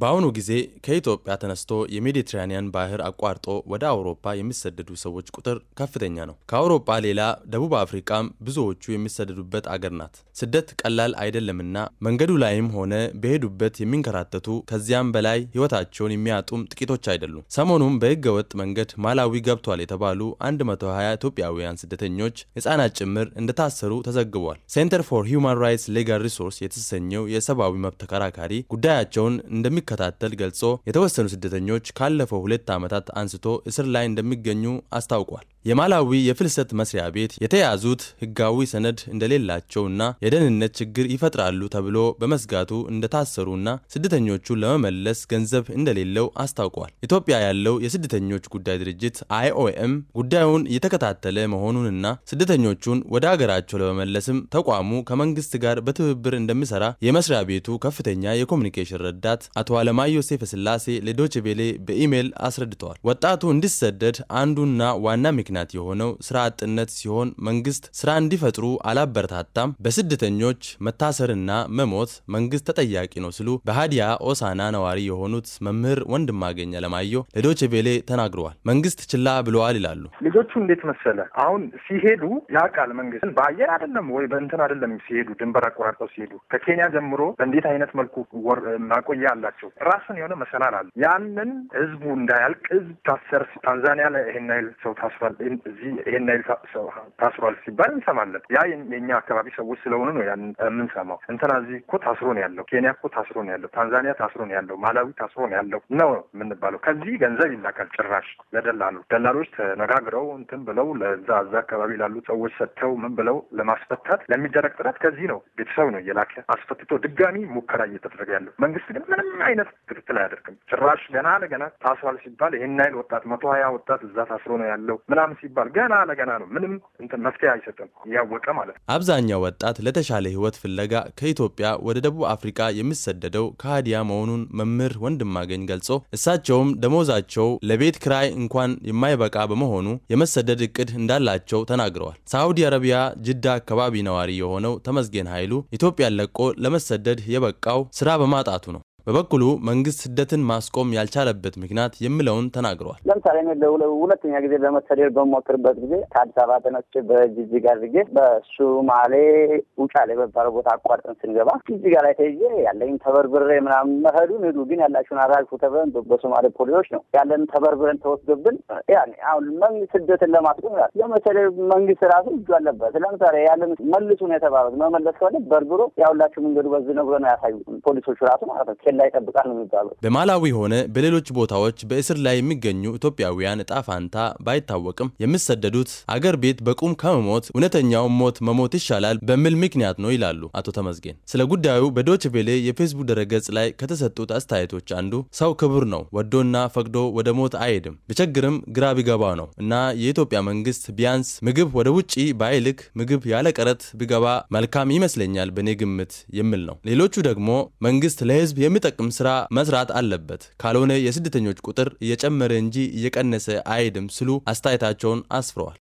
በአሁኑ ጊዜ ከኢትዮጵያ ተነስቶ የሜዲትራኒያን ባህር አቋርጦ ወደ አውሮፓ የሚሰደዱ ሰዎች ቁጥር ከፍተኛ ነው። ከአውሮፓ ሌላ ደቡብ አፍሪቃም ብዙዎቹ የሚሰደዱበት አገር ናት። ስደት ቀላል አይደለምና መንገዱ ላይም ሆነ በሄዱበት የሚንከራተቱ ከዚያም በላይ ሕይወታቸውን የሚያጡም ጥቂቶች አይደሉም። ሰሞኑም በሕገ ወጥ መንገድ ማላዊ ገብቷል የተባሉ 120 ኢትዮጵያውያን ስደተኞች ህፃናት ጭምር እንደታሰሩ ተዘግቧል። ሴንተር ፎር ሂውማን ራይትስ ሌጋል ሪሶርስ የተሰኘው የሰብአዊ መብት ተከራካሪ ጉዳያቸውን እንደሚ እንደሚከታተል ገልጾ የተወሰኑ ስደተኞች ካለፈው ሁለት ዓመታት አንስቶ እስር ላይ እንደሚገኙ አስታውቋል። የማላዊ የፍልሰት መስሪያ ቤት የተያዙት ህጋዊ ሰነድ እንደሌላቸውና የደህንነት ችግር ይፈጥራሉ ተብሎ በመስጋቱ እንደታሰሩና ስደተኞቹ ለመመለስ ገንዘብ እንደሌለው አስታውቋል። ኢትዮጵያ ያለው የስደተኞች ጉዳይ ድርጅት አይኦኤም ጉዳዩን እየተከታተለ መሆኑንና ስደተኞቹን ወደ አገራቸው ለመመለስም ተቋሙ ከመንግስት ጋር በትብብር እንደሚሰራ የመስሪያ ቤቱ ከፍተኛ የኮሚኒኬሽን ረዳት አቶ አቶ አለማየሁ ዮሴፍ ስላሴ ለዶች ቬለ በኢሜይል አስረድተዋል። ወጣቱ እንዲሰደድ አንዱና ዋና ምክንያት የሆነው ስራ አጥነት ሲሆን መንግስት ስራ እንዲፈጥሩ አላበረታታም፣ በስደተኞች መታሰርና መሞት መንግስት ተጠያቂ ነው ሲሉ በሀዲያ ኦሳና ነዋሪ የሆኑት መምህር ወንድማገኝ አለማየሁ ለዶች ቬለ ተናግረዋል። መንግስት ችላ ብለዋል ይላሉ። ልጆቹ እንዴት መሰለ አሁን ሲሄዱ ያውቃል መንግስት በአየር አይደለም ወይ በእንትን አይደለም ሲሄዱ ድንበር አቆራርጠው ሲሄዱ ከኬንያ ጀምሮ በእንዴት አይነት መልኩ ማቆያ አላቸው ናቸው። ራሱን የሆነ መሰላል አለ። ያንን ህዝቡ እንዳያልቅ ህዝብ ታሰር ታንዛኒያ ላይ ይሄን ያህል ሰው ታስሯል፣ እዚህ ይሄን ያህል ሰው ታስሯል ሲባል እንሰማለን። ያ የእኛ አካባቢ ሰዎች ስለሆኑ ነው ያን የምንሰማው። እንትና እዚህ እኮ ታስሮ ነው ያለው፣ ኬንያ እኮ ታስሮ ነው ያለው፣ ታንዛኒያ ታስሮ ነው ያለው፣ ማላዊ ታስሮ ነው ያለው ነው የምንባለው። ከዚህ ገንዘብ ይላካል ጭራሽ ለደላሉ ደላሎች ተነጋግረው እንትን ብለው ለዛ እዛ አካባቢ ላሉ ሰዎች ሰጥተው ምን ብለው ለማስፈታት ለሚደረግ ጥረት ከዚህ ነው ቤተሰብ ነው እየላከ አስፈትቶ ድጋሚ ሙከራ እየተደረገ ያለው። መንግስት ግን ምንም አይነት ክትትል አያደርግም። ጭራሽ ገና ለገና ታስሯል ሲባል ይህን ያህል ወጣት መቶ ሀያ ወጣት እዛ ታስሮ ነው ያለው ምናምን ሲባል ገና ለገና ነው ምንም እንትን መፍትሄ አይሰጥም እያወቀ ማለት ነው። አብዛኛው ወጣት ለተሻለ ህይወት ፍለጋ ከኢትዮጵያ ወደ ደቡብ አፍሪካ የሚሰደደው ከሀዲያ መሆኑን መምህር ወንድማገኝ ገልጾ እሳቸውም ደሞዛቸው ለቤት ክራይ እንኳን የማይበቃ በመሆኑ የመሰደድ እቅድ እንዳላቸው ተናግረዋል። ሳዑዲ አረቢያ ጅዳ አካባቢ ነዋሪ የሆነው ተመስገን ኃይሉ ኢትዮጵያን ለቆ ለመሰደድ የበቃው ስራ በማጣቱ ነው። በበኩሉ መንግስት ስደትን ማስቆም ያልቻለበት ምክንያት የሚለውን ተናግረዋል። ለምሳሌ ሁለተኛ ጊዜ ለመሰደድ በሞክርበት ጊዜ ከአዲስ አበባ ተነስቼ በጅጅጋ አድርጌ በሱማሌ ውጫሌ በባለ ቦታ አቋርጠን ስንገባ ጅጅጋ ላይ ተይዤ ያለኝ ተበርብሬ ምናምን መሄዱን ሂዱ ግን ያላችሁን አራግፉ ተብለን በሶማሌ ፖሊሶች ነው ያለን ተበርብረን ተወስዶብን። ያኔ አሁን መንግስት ስደትን ለማስቆም ለመሰደድ መንግስት ራሱ እጁ አለበት። ለምሳሌ ያለን መልሱን የተባሉት። መመለስ ከሆነ በርብሮ ያሁላችሁ መንገዱ በዝ ነው ብሎ ነው ያሳዩ ፖሊሶቹ ራሱ ማለት ነው ኬላ ይጠብቃል ነው የሚባለው። በማላዊ ሆነ በሌሎች ቦታዎች በእስር ላይ የሚገኙ ኢትዮጵያውያን እጣ ፋንታ ባይታወቅም የሚሰደዱት አገር ቤት በቁም ከመሞት እውነተኛው ሞት መሞት ይሻላል በሚል ምክንያት ነው ይላሉ አቶ ተመዝጌን። ስለ ጉዳዩ በዶችቬሌ የፌስቡክ ደረገጽ ላይ ከተሰጡት አስተያየቶች አንዱ ሰው ክቡር ነው፣ ወዶና ፈቅዶ ወደ ሞት አይሄድም፣ ቢቸግርም ግራ ቢገባ ነው እና የኢትዮጵያ መንግስት ቢያንስ ምግብ ወደ ውጭ ባይልክ ምግብ ያለ ቀረት ቢገባ መልካም ይመስለኛል በእኔ ግምት የሚል ነው። ሌሎቹ ደግሞ መንግስት ለህዝብ የሚ የሚጠቅም ስራ መስራት አለበት፣ ካልሆነ የስደተኞች ቁጥር እየጨመረ እንጂ እየቀነሰ አይድም ሲሉ አስተያየታቸውን አስፍረዋል።